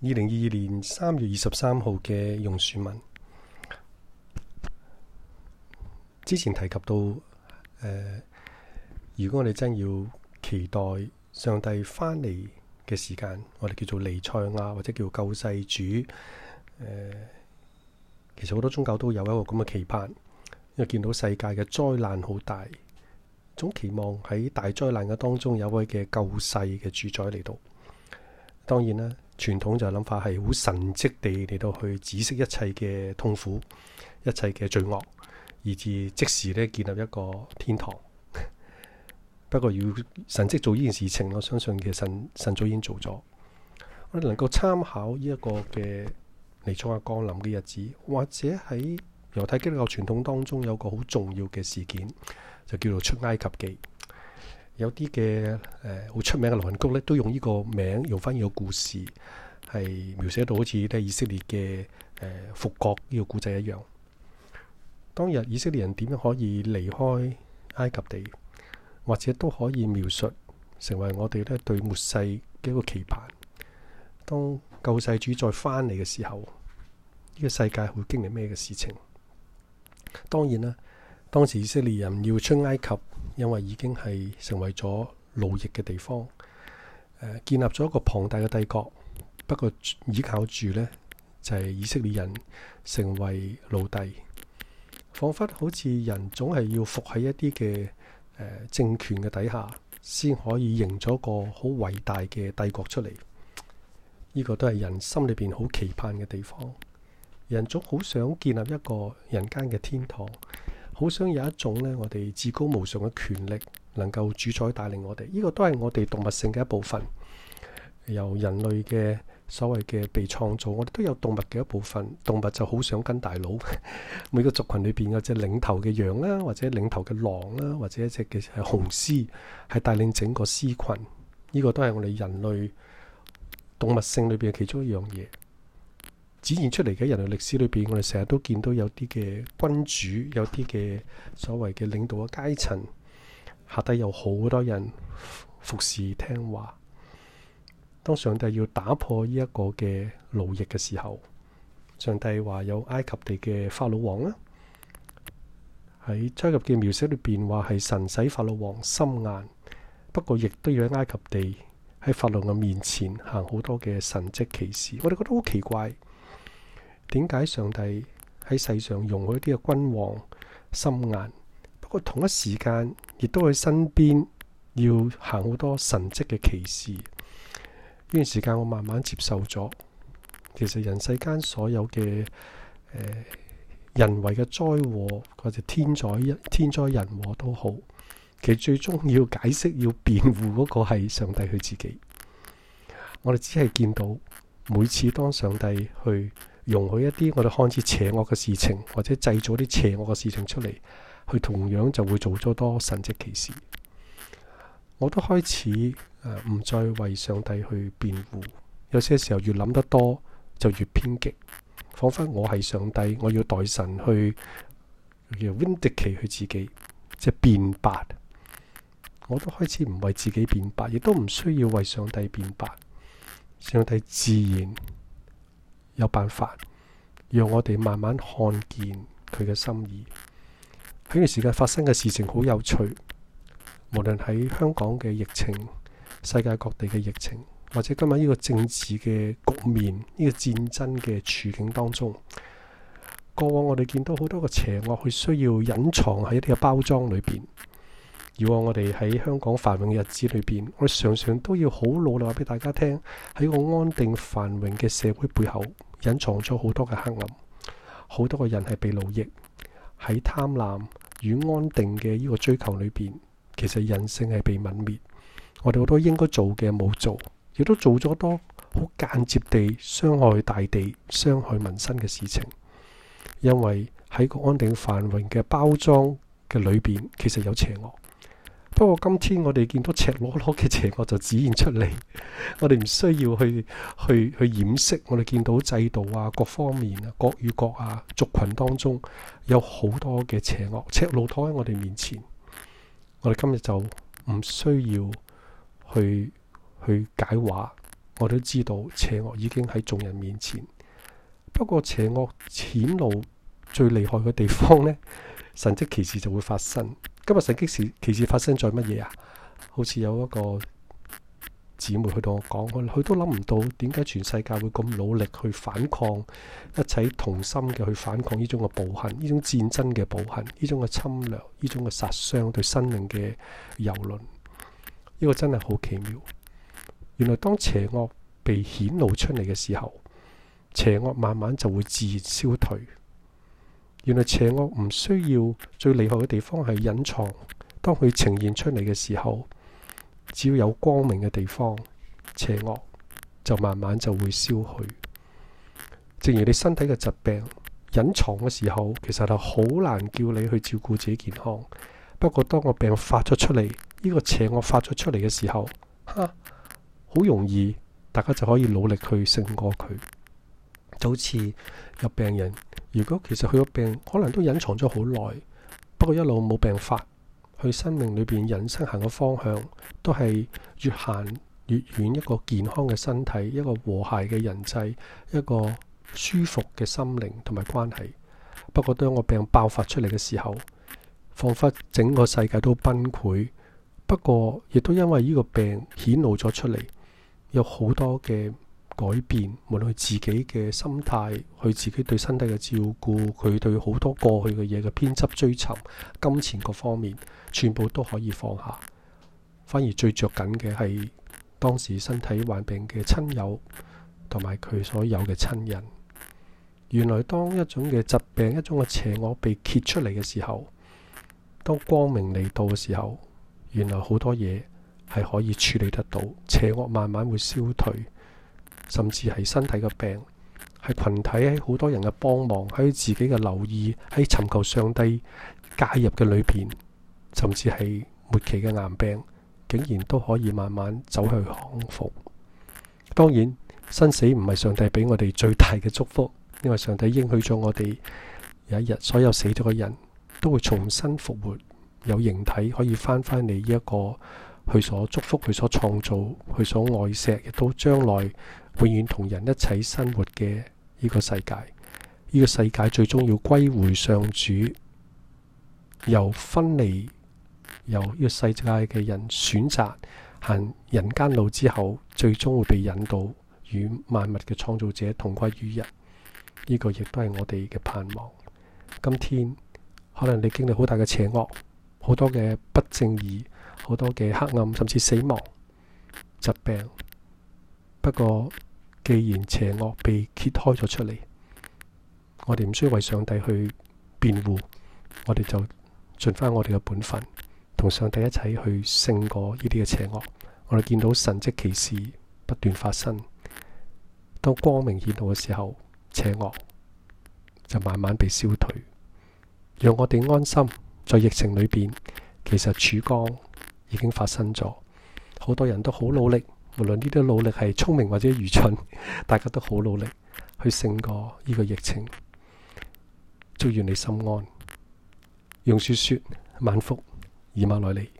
二零二二年三月二十三號嘅用樹文，之前提及到，呃、如果我哋真要期待上帝返嚟嘅時間，我哋叫做彌賽亞或者叫救世主，呃、其實好多宗教都有一個咁嘅期盼，因為見到世界嘅災難好大，總期望喺大災難嘅當中有位嘅救世嘅主宰嚟到。當然啦，傳統就諗法係好神蹟地嚟到去止息一切嘅痛苦、一切嘅罪惡，以至即時咧建立一個天堂。 不過要神蹟做呢件事情，我相信其實神神早已經做咗。我哋能夠參考呢一個嘅尼創下降臨嘅日子，或者喺猶太基督教傳統當中有個好重要嘅事件，就叫做出埃及記。有啲嘅誒好出名嘅流行曲咧，都用呢個名，用翻呢個故事，係描寫到好似咧以色列嘅誒復國呢個故仔一樣。當日以色列人點樣可以離開埃及地，或者都可以描述成為我哋咧對末世嘅一個期盼。當救世主再翻嚟嘅時候，呢個世界會經歷咩嘅事情？當然啦。當時以色列人要出埃及，因為已經係成為咗奴役嘅地方。呃、建立咗一個龐大嘅帝國，不過依靠住呢，就係、是、以色列人成為奴隸，彷彿好似人總係要伏喺一啲嘅、呃、政權嘅底下，先可以營咗個好偉大嘅帝國出嚟。呢、這個都係人心裏邊好期盼嘅地方，人總好想建立一個人間嘅天堂。好想有一種咧，我哋至高無上嘅權力能夠主宰帶領我哋，呢個都係我哋動物性嘅一部分。由人類嘅所謂嘅被創造，我哋都有動物嘅一部分。動物就好想跟大佬，每個族群裏邊有隻領頭嘅羊啦，或者領頭嘅狼啦，或者一隻嘅係雄獅，係帶領整個獅群。呢個都係我哋人類動物性裏邊嘅其中一樣嘢。展現出嚟嘅人類歷史裏邊，我哋成日都見到有啲嘅君主，有啲嘅所謂嘅領導嘅階層，下底有好多人服侍聽話。當上帝要打破呢一個嘅奴役嘅時候，上帝話有埃及地嘅法老王啦。喺出埃及記嘅描述裏邊話係神使法老王心硬，不過亦都要喺埃及地喺法老嘅面前行好多嘅神跡奇事。我哋覺得好奇怪。點解上帝喺世上容許啲嘅君王心硬？不過同一時間，亦都喺身邊要行好多神跡嘅奇事。呢段時間，我慢慢接受咗。其實人世間所有嘅誒、呃、人為嘅災禍，或者天災天災人禍都好，其實最終要解釋、要辯護嗰個係上帝佢自己。我哋只係見到每次當上帝去，容許一啲我哋看似邪惡嘅事情，或者製造啲邪惡嘅事情出嚟，佢同樣就會做咗多神蹟歧視。我都開始誒唔再為上帝去辯護，有些時候越諗得多就越偏激，彷彿我係上帝，我要代神去叫 vindicate 佢自己即係辯白。我都開始唔為自己辯白，亦都唔需要為上帝辯白，上帝自然有辦法讓我哋慢慢看見佢嘅心意。喺呢段時間發生嘅事情好有趣，無論喺香港嘅疫情、世界各地嘅疫情，或者今日呢個政治嘅局面、呢個戰爭嘅處境當中，過往我哋見到好多個邪惡，佢需要隱藏喺一啲嘅包裝裏邊。以往我哋喺香港繁榮嘅日子裏邊，我哋常常都要好努力話俾大家聽，喺個安定繁榮嘅社會背後。隱藏咗好多嘅黑暗，好多個人係被奴役喺貪婪與安定嘅呢個追求裏邊，其實人性係被泯滅。我哋好多應該做嘅冇做，亦都做咗多好間接地傷害大地、傷害民生嘅事情。因為喺個安定繁榮嘅包裝嘅裏邊，其實有邪惡。不過今天我哋見到赤裸裸嘅邪惡就展現出嚟，我哋唔需要去去去掩飾。我哋見到制度啊，各方面啊，國與國啊，族群當中有好多嘅邪惡，赤裸裸喺我哋面前。我哋今日就唔需要去去解話，我都知道邪惡已經喺眾人面前。不過邪惡顯露最厲害嘅地方呢，神蹟奇事就會發生。今日神蹟奇事發生咗乜嘢啊？好似有一個姊妹去同我講，佢都諗唔到點解全世界會咁努力去反抗一切同心嘅去反抗呢種嘅暴行、呢種戰爭嘅暴行、呢種嘅侵略、呢種嘅殺傷對生命嘅蹂躪。呢個真係好奇妙。原來當邪惡被顯露出嚟嘅時候，邪惡慢慢就會自然消退。原來邪惡唔需要最厲害嘅地方係隱藏，當佢呈現出嚟嘅時候，只要有光明嘅地方，邪惡就慢慢就會消去。正如你身體嘅疾病隱藏嘅時候，其實係好難叫你去照顧自己健康。不過當個病發咗出嚟，呢個邪惡發咗出嚟嘅時候，哈，好容易大家就可以努力去勝過佢。就好似有病人，如果其實佢個病可能都隱藏咗好耐，不過一路冇病發，佢生命裏邊人生行嘅方向都係越行越遠，一個健康嘅身體，一個和諧嘅人際，一個舒服嘅心靈同埋關係。不過當個病爆發出嚟嘅時候，仿佛整個世界都崩潰。不過亦都因為呢個病顯露咗出嚟，有好多嘅。改變，無論佢自己嘅心態，佢自己對身體嘅照顧，佢對好多過去嘅嘢嘅偏執追尋、金錢各方面，全部都可以放下。反而最着緊嘅係當時身體患病嘅親友同埋佢所有嘅親人。原來當一種嘅疾病、一種嘅邪惡被揭出嚟嘅時候，當光明嚟到嘅時候，原來好多嘢係可以處理得到，邪惡慢慢會消退。甚至係身體嘅病，係群體喺好多人嘅幫忙，喺自己嘅留意，喺尋求上帝介入嘅裏邊，甚至係末期嘅癌病，竟然都可以慢慢走去康復。當然，生死唔係上帝俾我哋最大嘅祝福，因為上帝應許咗我哋有一日，所有死咗嘅人都會重新復活，有形體可以翻翻嚟，呢一個，佢所祝福，佢所創造，佢所愛錫，亦都將來。永遠同人一齊生活嘅呢個世界，呢個世界最終要歸回上主，由分離由呢個世界嘅人選擇行人間路之後，最終會被引導與萬物嘅創造者同歸於一。呢個亦都係我哋嘅盼望。今天可能你經歷好大嘅邪惡，好多嘅不正義，好多嘅黑暗，甚至死亡、疾病。不過，既然邪惡被揭開咗出嚟，我哋唔需要為上帝去辯護，我哋就盡翻我哋嘅本分，同上帝一齊去勝過呢啲嘅邪惡。我哋見到神蹟奇事不斷發生，當光明顯露嘅時候，邪惡就慢慢被消退，讓我哋安心。在疫情裏邊，其實曙光已經發生咗，好多人都好努力。無論呢啲努力係聰明或者愚蠢，大家都好努力去勝過呢個疫情。祝願你心安，用雪雪，萬福，以馬內利。